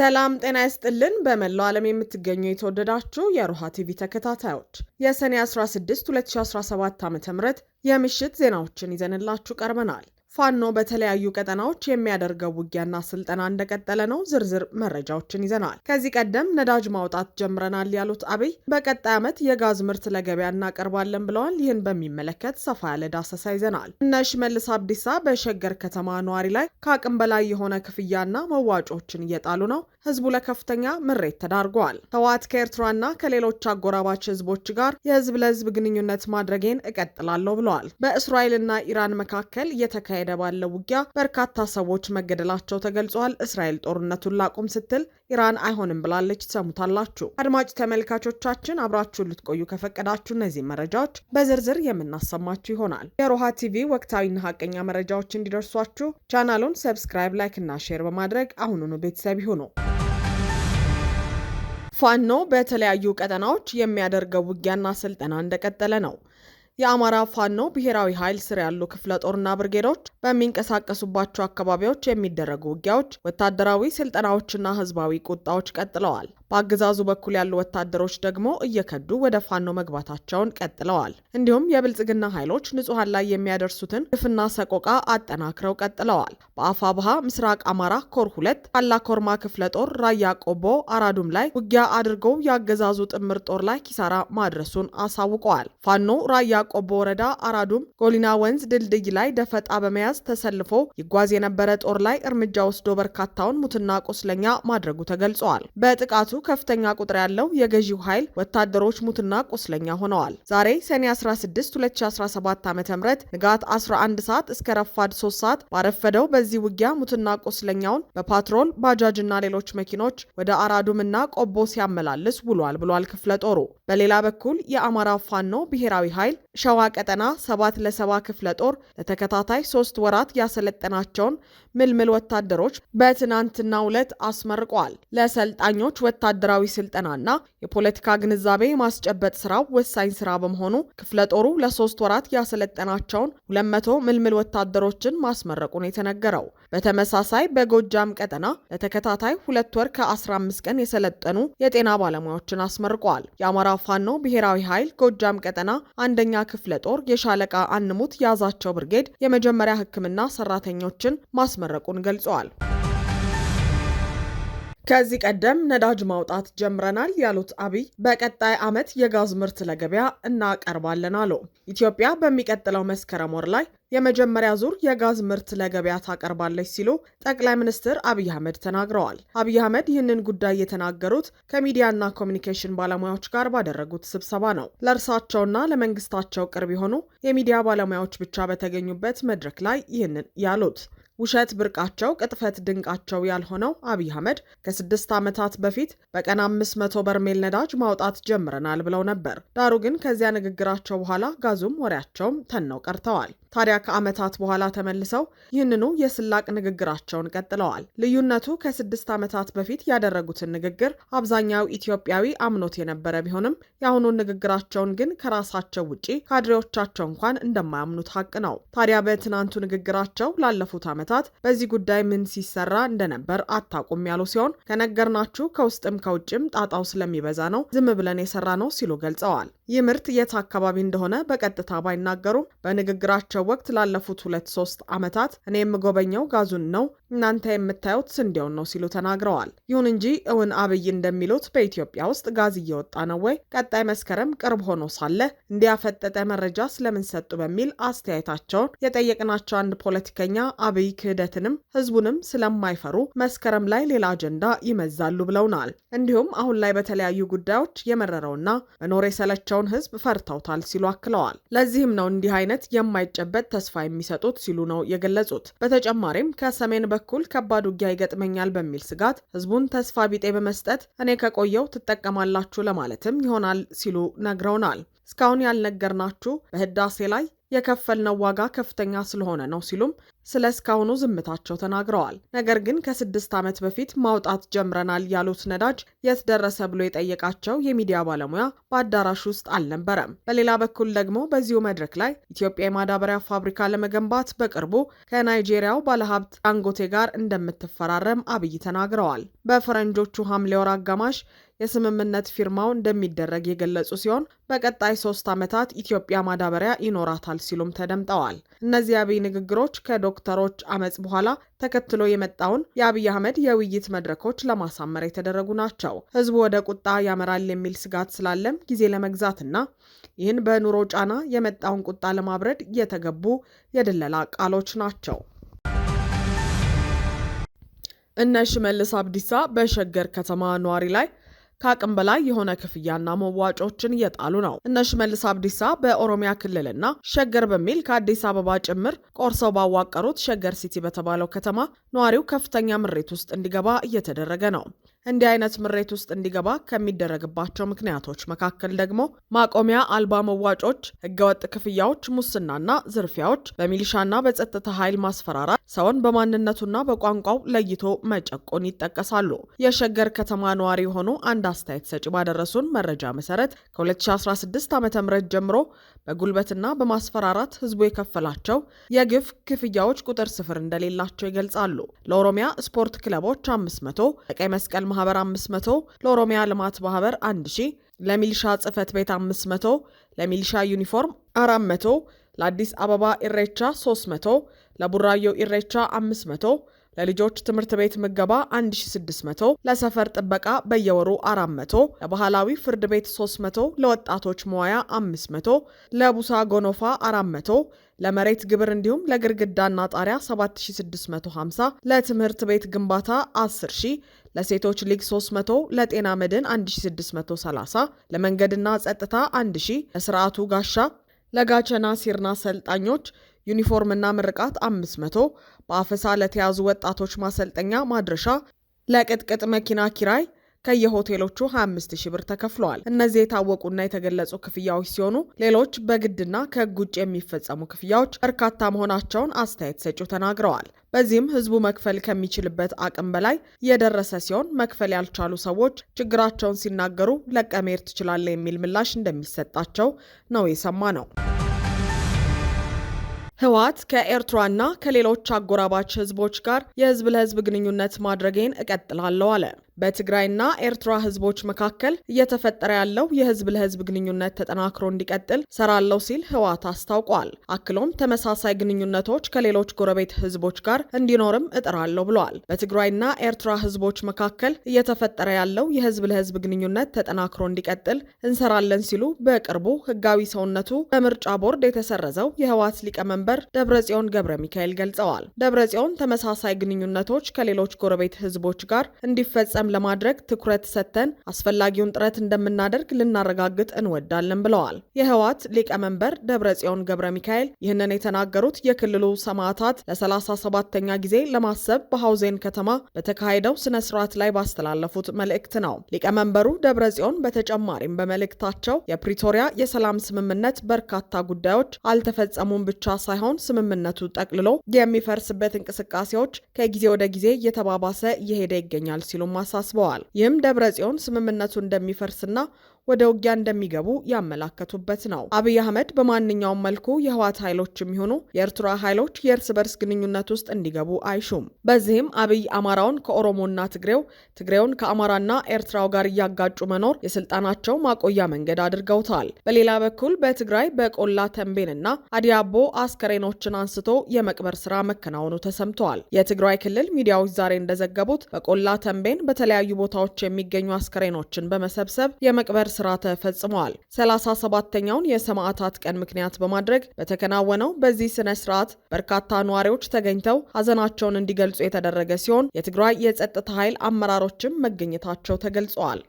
ሰላም ጤና ይስጥልን። በመላው ዓለም የምትገኙ የተወደዳችሁ የሮሃ ቲቪ ተከታታዮች የሰኔ 16 2017 ዓ ም የምሽት ዜናዎችን ይዘንላችሁ ቀርበናል። ፋኖ በተለያዩ ቀጠናዎች የሚያደርገው ውጊያና ስልጠና እንደቀጠለ ነው። ዝርዝር መረጃዎችን ይዘናል። ከዚህ ቀደም ነዳጅ ማውጣት ጀምረናል ያሉት አብይ በቀጣይ ዓመት የጋዝ ምርት ለገበያ እናቀርባለን ብለዋል። ይህን በሚመለከት ሰፋ ያለ ዳሰሳ ይዘናል። እነ ሽመልስ አብዲሳ በሸገር ከተማ ነዋሪ ላይ ከአቅም በላይ የሆነ ክፍያና መዋጮዎችን እየጣሉ ነው። ህዝቡ ለከፍተኛ ምሬት ተዳርጓል። ህወሓት ከኤርትራና ከሌሎች አጎራባች ህዝቦች ጋር የህዝብ ለህዝብ ግንኙነት ማድረጌን እቀጥላለሁ ብለዋል። በእስራኤልና ኢራን መካከል እየተካሄደ ባለው ውጊያ በርካታ ሰዎች መገደላቸው ተገልጿል። እስራኤል ጦርነቱን ላቁም ስትል ኢራን አይሆንም ብላለች። ትሰሙታላችሁ። አድማጭ ተመልካቾቻችን አብራችሁን ልትቆዩ ከፈቀዳችሁ እነዚህ መረጃዎች በዝርዝር የምናሰማችሁ ይሆናል። የሮሃ ቲቪ ወቅታዊና ሀቀኛ መረጃዎች እንዲደርሷችሁ ቻናሉን ሰብስክራይብ፣ ላይክ እና ሼር በማድረግ አሁኑኑ ቤተሰብ ይሁኑ። ፋኖ በተለያዩ ቀጠናዎች የሚያደርገው ውጊያና ስልጠና እንደቀጠለ ነው። የአማራ ፋኖ ብሔራዊ ኃይል ስር ያሉ ክፍለ ጦርና ብርጌዶች በሚንቀሳቀሱባቸው አካባቢዎች የሚደረጉ ውጊያዎች፣ ወታደራዊ ስልጠናዎችና ህዝባዊ ቁጣዎች ቀጥለዋል። በአገዛዙ በኩል ያሉ ወታደሮች ደግሞ እየከዱ ወደ ፋኖ መግባታቸውን ቀጥለዋል። እንዲሁም የብልጽግና ኃይሎች ንጹሐን ላይ የሚያደርሱትን ግፍና ሰቆቃ አጠናክረው ቀጥለዋል። በአፋ ባሃ ምስራቅ አማራ ኮር ሁለት ቃላ ኮርማ ክፍለ ጦር ራያ ቆቦ አራዱም ላይ ውጊያ አድርገው የአገዛዙ ጥምር ጦር ላይ ኪሳራ ማድረሱን አሳውቀዋል። ፋኖ ራያ ቆቦ ወረዳ አራዱም ጎሊና ወንዝ ድልድይ ላይ ደፈጣ በመያዝ ተሰልፎ ይጓዝ የነበረ ጦር ላይ እርምጃ ወስዶ በርካታውን ሙትና ቁስለኛ ማድረጉ ተገልጿል። በጥቃቱ ከፍተኛ ቁጥር ያለው የገዢው ኃይል ወታደሮች ሙትና ቁስለኛ ሆነዋል። ዛሬ ሰኔ 16 2017 ዓ ም ንጋት 11 ሰዓት እስከ ረፋድ 3 ሰዓት ባረፈደው በዚህ ውጊያ ሙትና ቁስለኛውን በፓትሮል ባጃጅና ሌሎች መኪኖች ወደ አራዱምና ቆቦ ሲያመላልስ ውሏል ብሏል ክፍለ ጦሩ። በሌላ በኩል የአማራ ፋኖ ብሔራዊ ኃይል ሸዋ ቀጠና ሰባት ለሰባ ክፍለ ጦር ለተከታታይ ሶስት ወራት ያሰለጠናቸውን ምልምል ወታደሮች በትናንትናው ዕለት አስመርቀዋል። ለሰልጣኞች ወታደራዊ ስልጠናና የፖለቲካ ግንዛቤ የማስጨበጥ ስራው ወሳኝ ስራ በመሆኑ ክፍለ ጦሩ ለሶስት ወራት ያሰለጠናቸውን ሁለት መቶ ምልምል ወታደሮችን ማስመረቁን የተነገረው። በተመሳሳይ በጎጃም ቀጠና ለተከታታይ ሁለት ወር ከ15 ቀን የሰለጠኑ የጤና ባለሙያዎችን አስመርቋል። የአማራ ፋኖ ብሔራዊ ኃይል ጎጃም ቀጠና አንደኛ ክፍለ ጦር የሻለቃ አንሙት የያዛቸው ብርጌድ የመጀመሪያ ሕክምና ሰራተኞችን ማስመረቁን ገልጸዋል። ከዚህ ቀደም ነዳጅ ማውጣት ጀምረናል ያሉት አብይ በቀጣይ ዓመት የጋዝ ምርት ለገበያ እናቀርባለን አሉ። ኢትዮጵያ በሚቀጥለው መስከረም ወር ላይ የመጀመሪያ ዙር የጋዝ ምርት ለገበያ ታቀርባለች ሲሉ ጠቅላይ ሚኒስትር አብይ አህመድ ተናግረዋል። አብይ አህመድ ይህንን ጉዳይ የተናገሩት ከሚዲያና ኮሚኒኬሽን ባለሙያዎች ጋር ባደረጉት ስብሰባ ነው። ለእርሳቸውና ለመንግስታቸው ቅርብ የሆኑ የሚዲያ ባለሙያዎች ብቻ በተገኙበት መድረክ ላይ ይህንን ያሉት ውሸት ብርቃቸው፣ ቅጥፈት ድንቃቸው ያልሆነው አብይ አህመድ ከስድስት ዓመታት በፊት በቀን አምስት መቶ በርሜል ነዳጅ ማውጣት ጀምረናል ብለው ነበር። ዳሩ ግን ከዚያ ንግግራቸው በኋላ ጋዙም ወሬያቸውም ተነው ቀርተዋል። ታዲያ ከዓመታት በኋላ ተመልሰው ይህንኑ የስላቅ ንግግራቸውን ቀጥለዋል። ልዩነቱ ከስድስት ዓመታት በፊት ያደረጉትን ንግግር አብዛኛው ኢትዮጵያዊ አምኖት የነበረ ቢሆንም የአሁኑን ንግግራቸውን ግን ከራሳቸው ውጪ ካድሬዎቻቸው እንኳን እንደማያምኑት ሀቅ ነው። ታዲያ በትናንቱ ንግግራቸው ላለፉት ዓመታት ዓመታት በዚህ ጉዳይ ምን ሲሰራ እንደነበር አታቁም ያሉ ሲሆን ከነገርናችሁ ከውስጥም ከውጭም ጣጣው ስለሚበዛ ነው ዝም ብለን የሰራ ነው ሲሉ ገልጸዋል። ይህ ምርት የት አካባቢ እንደሆነ በቀጥታ ባይናገሩም በንግግራቸው ወቅት ላለፉት ሁለት ሶስት ዓመታት እኔ የምጎበኘው ጋዙን ነው፣ እናንተ የምታዩት ስንዴውን ነው ሲሉ ተናግረዋል። ይሁን እንጂ እውን አብይ እንደሚሉት በኢትዮጵያ ውስጥ ጋዝ እየወጣ ነው ወይ? ቀጣይ መስከረም ቅርብ ሆኖ ሳለ እንዲያፈጠጠ መረጃ ስለምንሰጡ በሚል አስተያየታቸውን የጠየቅናቸው አንድ ፖለቲከኛ አብይ ክህደትንም ህዝቡንም ስለማይፈሩ መስከረም ላይ ሌላ አጀንዳ ይመዛሉ ብለውናል። እንዲሁም አሁን ላይ በተለያዩ ጉዳዮች የመረረውና መኖር የሰለቸውን ህዝብ ፈርተውታል ሲሉ አክለዋል። ለዚህም ነው እንዲህ አይነት የማይጨበጥ ተስፋ የሚሰጡት ሲሉ ነው የገለጹት። በተጨማሪም ከሰሜን በኩል ከባድ ውጊያ ይገጥመኛል በሚል ስጋት ህዝቡን ተስፋ ቢጤ በመስጠት እኔ ከቆየው ትጠቀማላችሁ ለማለትም ይሆናል ሲሉ ነግረውናል። እስካሁን ያልነገርናችሁ በህዳሴ ላይ የከፈልነው ዋጋ ከፍተኛ ስለሆነ ነው ሲሉም ስለ እስካሁኑ ዝምታቸው ተናግረዋል። ነገር ግን ከስድስት ዓመት በፊት ማውጣት ጀምረናል ያሉት ነዳጅ የት ደረሰ ብሎ የጠየቃቸው የሚዲያ ባለሙያ በአዳራሽ ውስጥ አልነበረም። በሌላ በኩል ደግሞ በዚሁ መድረክ ላይ ኢትዮጵያ የማዳበሪያ ፋብሪካ ለመገንባት በቅርቡ ከናይጄሪያው ባለሀብት ዳንጎቴ ጋር እንደምትፈራረም አብይ ተናግረዋል። በፈረንጆቹ ሐምሌ ወር አጋማሽ የስምምነት ፊርማው እንደሚደረግ የገለጹ ሲሆን በቀጣይ ሶስት ዓመታት ኢትዮጵያ ማዳበሪያ ይኖራታል ሲሉም ተደምጠዋል። እነዚህ አብይ ንግግሮች ከዶክተሮች አመፅ በኋላ ተከትሎ የመጣውን የአብይ አህመድ የውይይት መድረኮች ለማሳመር የተደረጉ ናቸው። ህዝቡ ወደ ቁጣ ያመራል የሚል ስጋት ስላለም ጊዜ ለመግዛትና ይህን በኑሮ ጫና የመጣውን ቁጣ ለማብረድ የተገቡ የድለላ ቃሎች ናቸው። እነ ሽመልስ አብዲሳ በሸገር ከተማ ነዋሪ ላይ ከአቅም በላይ የሆነ ክፍያና መዋጮችን እየጣሉ ነው። እነ ሽመልስ አብዲሳ በኦሮሚያ ክልልና ሸገር በሚል ከአዲስ አበባ ጭምር ቆርሰው ባዋቀሩት ሸገር ሲቲ በተባለው ከተማ ነዋሪው ከፍተኛ ምሬት ውስጥ እንዲገባ እየተደረገ ነው። እንዲህ አይነት ምሬት ውስጥ እንዲገባ ከሚደረግባቸው ምክንያቶች መካከል ደግሞ ማቆሚያ አልባ መዋጮች፣ ህገወጥ ክፍያዎች፣ ሙስናና ዝርፊያዎች፣ በሚሊሻና በጸጥታ ኃይል ማስፈራራት፣ ሰውን በማንነቱና በቋንቋው ለይቶ መጨቆን ይጠቀሳሉ። የሸገር ከተማ ነዋሪ የሆኑ አንድ አስተያየት ሰጪ ባደረሱን መረጃ መሰረት ከ2016 ዓ ም ጀምሮ በጉልበትና በማስፈራራት ህዝቡ የከፈላቸው የግፍ ክፍያዎች ቁጥር ስፍር እንደሌላቸው ይገልጻሉ። ለኦሮሚያ ስፖርት ክለቦች 500 ቀይ መስቀል ማህበር 500፣ ለኦሮሚያ ልማት ማህበር 1000፣ ለሚሊሻ ጽህፈት ቤት 500፣ ለሚሊሻ ዩኒፎርም 400፣ ለአዲስ አበባ ኢሬቻ 300፣ ለቡራዮ ኢሬቻ 500 ለልጆች ትምህርት ቤት ምገባ 1600 ለሰፈር ጥበቃ በየወሩ 400 ለባህላዊ ፍርድ ቤት 300 ለወጣቶች መዋያ 500 ለቡሳ ጎኖፋ 400 ለመሬት ግብር እንዲሁም ለግርግዳና ጣሪያ 7650 ለትምህርት ቤት ግንባታ 10000 ለሴቶች ሊግ 300፣ ለጤና መድን 1630፣ ለመንገድና ጸጥታ 1000፣ ለስርዓቱ ጋሻ፣ ለጋቸና ሲርና አሰልጣኞች ዩኒፎርምና ምርቃት 500፣ በአፈሳ ለተያዙ ወጣቶች ማሰልጠኛ ማድረሻ፣ ለቅጥቅጥ መኪና ኪራይ ከየሆቴሎቹ 25 ሺ ብር ተከፍለዋል። እነዚህ የታወቁና የተገለጹ ክፍያዎች ሲሆኑ ሌሎች በግድና ከህግ ውጭ የሚፈጸሙ ክፍያዎች በርካታ መሆናቸውን አስተያየት ሰጪው ተናግረዋል። በዚህም ህዝቡ መክፈል ከሚችልበት አቅም በላይ የደረሰ ሲሆን መክፈል ያልቻሉ ሰዎች ችግራቸውን ሲናገሩ ለቀመር ትችላለህ የሚል ምላሽ እንደሚሰጣቸው ነው የሰማ ነው። ህወሓት ከኤርትራና ከሌሎች አጎራባች ህዝቦች ጋር የህዝብ ለህዝብ ግንኙነት ማድረጌን እቀጥላለሁ አለ። በትግራይና ኤርትራ ህዝቦች መካከል እየተፈጠረ ያለው የህዝብ ለህዝብ ግንኙነት ተጠናክሮ እንዲቀጥል ሰራለው ሲል ህወሓት አስታውቋል። አክሎም ተመሳሳይ ግንኙነቶች ከሌሎች ጎረቤት ህዝቦች ጋር እንዲኖርም እጥራለሁ ብለዋል። በትግራይና ኤርትራ ህዝቦች መካከል እየተፈጠረ ያለው የህዝብ ለህዝብ ግንኙነት ተጠናክሮ እንዲቀጥል እንሰራለን ሲሉ በቅርቡ ህጋዊ ሰውነቱ በምርጫ ቦርድ የተሰረዘው የህወሓት ሊቀመንበር ደብረጽዮን ገብረ ሚካኤል ገልጸዋል። ደብረጽዮን ተመሳሳይ ግንኙነቶች ከሌሎች ጎረቤት ህዝቦች ጋር እንዲፈጸ እንዲፈጸም ለማድረግ ትኩረት ሰጥተን አስፈላጊውን ጥረት እንደምናደርግ ልናረጋግጥ እንወዳለን ብለዋል። የህወሓት ሊቀመንበር ደብረጽዮን ገብረ ሚካኤል ይህንን የተናገሩት የክልሉ ሰማዕታት ለ 37 ተኛ ጊዜ ለማሰብ በሐውዜን ከተማ በተካሄደው ስነ ስርዓት ላይ ባስተላለፉት መልእክት ነው። ሊቀመንበሩ ደብረጽዮን በተጨማሪም በመልእክታቸው የፕሪቶሪያ የሰላም ስምምነት በርካታ ጉዳዮች አልተፈጸሙም ብቻ ሳይሆን ስምምነቱ ጠቅልሎ የሚፈርስበት እንቅስቃሴዎች ከጊዜ ወደ ጊዜ እየተባባሰ እየሄደ ይገኛል ሲሉም አሳስበዋል። ይህም ደብረ ጽዮን ስምምነቱ እንደሚፈርስና ወደ ውጊያ እንደሚገቡ ያመላከቱበት ነው። አብይ አህመድ በማንኛውም መልኩ የህዋት ኃይሎች የሚሆኑ የኤርትራ ኃይሎች የእርስ በርስ ግንኙነት ውስጥ እንዲገቡ አይሹም። በዚህም አብይ አማራውን ከኦሮሞና ትግሬው፣ ትግሬውን ከአማራና ኤርትራው ጋር እያጋጩ መኖር የስልጣናቸው ማቆያ መንገድ አድርገውታል። በሌላ በኩል በትግራይ በቆላ ተንቤንና አዲያቦ አስከሬኖችን አንስቶ የመቅበር ስራ መከናወኑ ተሰምተዋል። የትግራይ ክልል ሚዲያዎች ዛሬ እንደዘገቡት በቆላ ተንቤን በተለያዩ ቦታዎች የሚገኙ አስከሬኖችን በመሰብሰብ የመቅበር ስርዓተ ፈጽመዋል 37 37ተኛውን የሰማዕታት ቀን ምክንያት በማድረግ በተከናወነው በዚህ ስነ ስርዓት በርካታ ነዋሪዎች ተገኝተው ሀዘናቸውን እንዲገልጹ የተደረገ ሲሆን የትግራይ የጸጥታ ኃይል አመራሮችም መገኘታቸው ተገልጸዋል።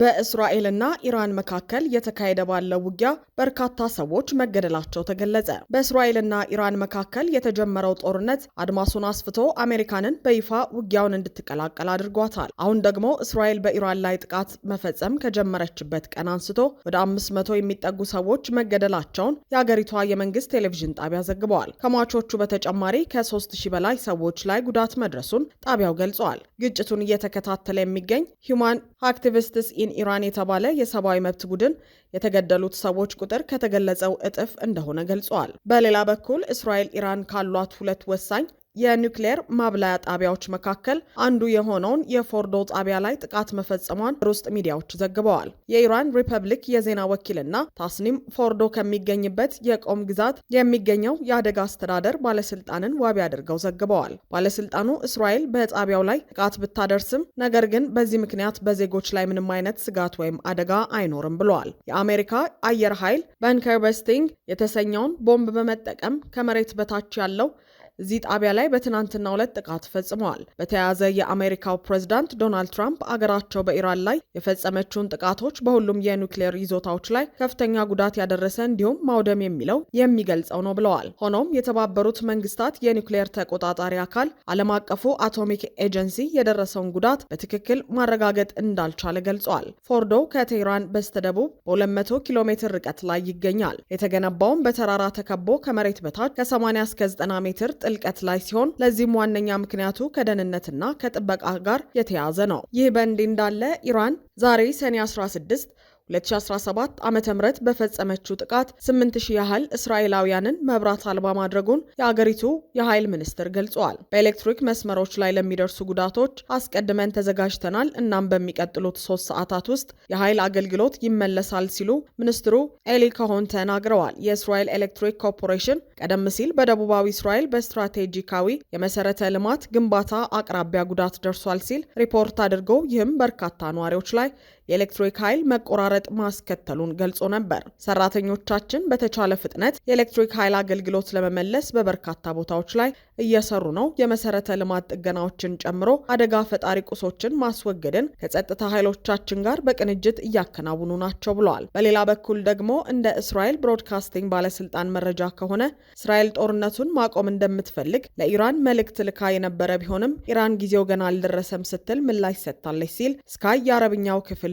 በእስራኤልና ኢራን መካከል የተካሄደ ባለው ውጊያ በርካታ ሰዎች መገደላቸው ተገለጸ። በእስራኤልና ኢራን መካከል የተጀመረው ጦርነት አድማሱን አስፍቶ አሜሪካንን በይፋ ውጊያውን እንድትቀላቀል አድርጓታል። አሁን ደግሞ እስራኤል በኢራን ላይ ጥቃት መፈጸም ከጀመረችበት ቀን አንስቶ ወደ አምስት መቶ የሚጠጉ ሰዎች መገደላቸውን የአገሪቷ የመንግስት ቴሌቪዥን ጣቢያ ዘግበዋል። ከሟቾቹ በተጨማሪ ከሶስት ሺህ በላይ ሰዎች ላይ ጉዳት መድረሱን ጣቢያው ገልጿል። ግጭቱን እየተከታተለ የሚገኝ ሂውማን አክቲቪስትስ ኢን ኢራን የተባለ የሰብአዊ መብት ቡድን የተገደሉት ሰዎች ቁጥር ከተገለጸው እጥፍ እንደሆነ ገልጸዋል። በሌላ በኩል እስራኤል ኢራን ካሏት ሁለት ወሳኝ የኒውክሌር ማብላያ ጣቢያዎች መካከል አንዱ የሆነውን የፎርዶ ጣቢያ ላይ ጥቃት መፈጸሟን ውስጥ ሚዲያዎች ዘግበዋል። የኢራን ሪፐብሊክ የዜና ወኪልና ታስኒም ፎርዶ ከሚገኝበት የቆም ግዛት የሚገኘው የአደጋ አስተዳደር ባለስልጣንን ዋቢ አድርገው ዘግበዋል። ባለስልጣኑ እስራኤል በጣቢያው ላይ ጥቃት ብታደርስም ነገር ግን በዚህ ምክንያት በዜጎች ላይ ምንም አይነት ስጋት ወይም አደጋ አይኖርም ብለዋል። የአሜሪካ አየር ኃይል በንከርበስቲንግ የተሰኘውን ቦምብ በመጠቀም ከመሬት በታች ያለው እዚህ ጣቢያ ላይ በትናንትና ሁለት ጥቃት ፈጽመዋል። በተያያዘ የአሜሪካው ፕሬዝዳንት ዶናልድ ትራምፕ አገራቸው በኢራን ላይ የፈጸመችውን ጥቃቶች በሁሉም የኒውክሌር ይዞታዎች ላይ ከፍተኛ ጉዳት ያደረሰ እንዲሁም ማውደም የሚለው የሚገልጸው ነው ብለዋል። ሆኖም የተባበሩት መንግስታት የኒውክሌር ተቆጣጣሪ አካል ዓለም አቀፉ አቶሚክ ኤጀንሲ የደረሰውን ጉዳት በትክክል ማረጋገጥ እንዳልቻለ ገልጿል። ፎርዶ ከቴህራን በስተደቡብ በ200 ኪሎ ሜትር ርቀት ላይ ይገኛል። የተገነባውም በተራራ ተከቦ ከመሬት በታች ከ80 እስከ 90 ሜትር ጥልቀት ላይ ሲሆን ለዚህም ዋነኛ ምክንያቱ ከደህንነትና ከጥበቃ ጋር የተያያዘ ነው። ይህ በእንዲህ እንዳለ ኢራን ዛሬ ሰኔ 16 2017 ዓ ም በፈጸመችው ጥቃት 8000 ያህል እስራኤላውያንን መብራት አልባ ማድረጉን የአገሪቱ የኃይል ሚኒስትር ገልጿል። በኤሌክትሪክ መስመሮች ላይ ለሚደርሱ ጉዳቶች አስቀድመን ተዘጋጅተናል፣ እናም በሚቀጥሉት ሶስት ሰዓታት ውስጥ የኃይል አገልግሎት ይመለሳል ሲሉ ሚኒስትሩ ኤሊ ካሆን ተናግረዋል። የእስራኤል ኤሌክትሪክ ኮርፖሬሽን ቀደም ሲል በደቡባዊ እስራኤል በስትራቴጂካዊ የመሰረተ ልማት ግንባታ አቅራቢያ ጉዳት ደርሷል ሲል ሪፖርት አድርጎ ይህም በርካታ ነዋሪዎች ላይ የኤሌክትሪክ ኃይል መቆራረጥ ማስከተሉን ገልጾ ነበር። ሰራተኞቻችን በተቻለ ፍጥነት የኤሌክትሪክ ኃይል አገልግሎት ለመመለስ በበርካታ ቦታዎች ላይ እየሰሩ ነው። የመሰረተ ልማት ጥገናዎችን ጨምሮ አደጋ ፈጣሪ ቁሶችን ማስወገድን ከጸጥታ ኃይሎቻችን ጋር በቅንጅት እያከናውኑ ናቸው ብለዋል። በሌላ በኩል ደግሞ እንደ እስራኤል ብሮድካስቲንግ ባለስልጣን መረጃ ከሆነ እስራኤል ጦርነቱን ማቆም እንደምትፈልግ ለኢራን መልእክት ልካ የነበረ ቢሆንም ኢራን ጊዜው ገና አልደረሰም ስትል ምላሽ ሰጥታለች ሲል ስካይ የአረብኛው ክፍል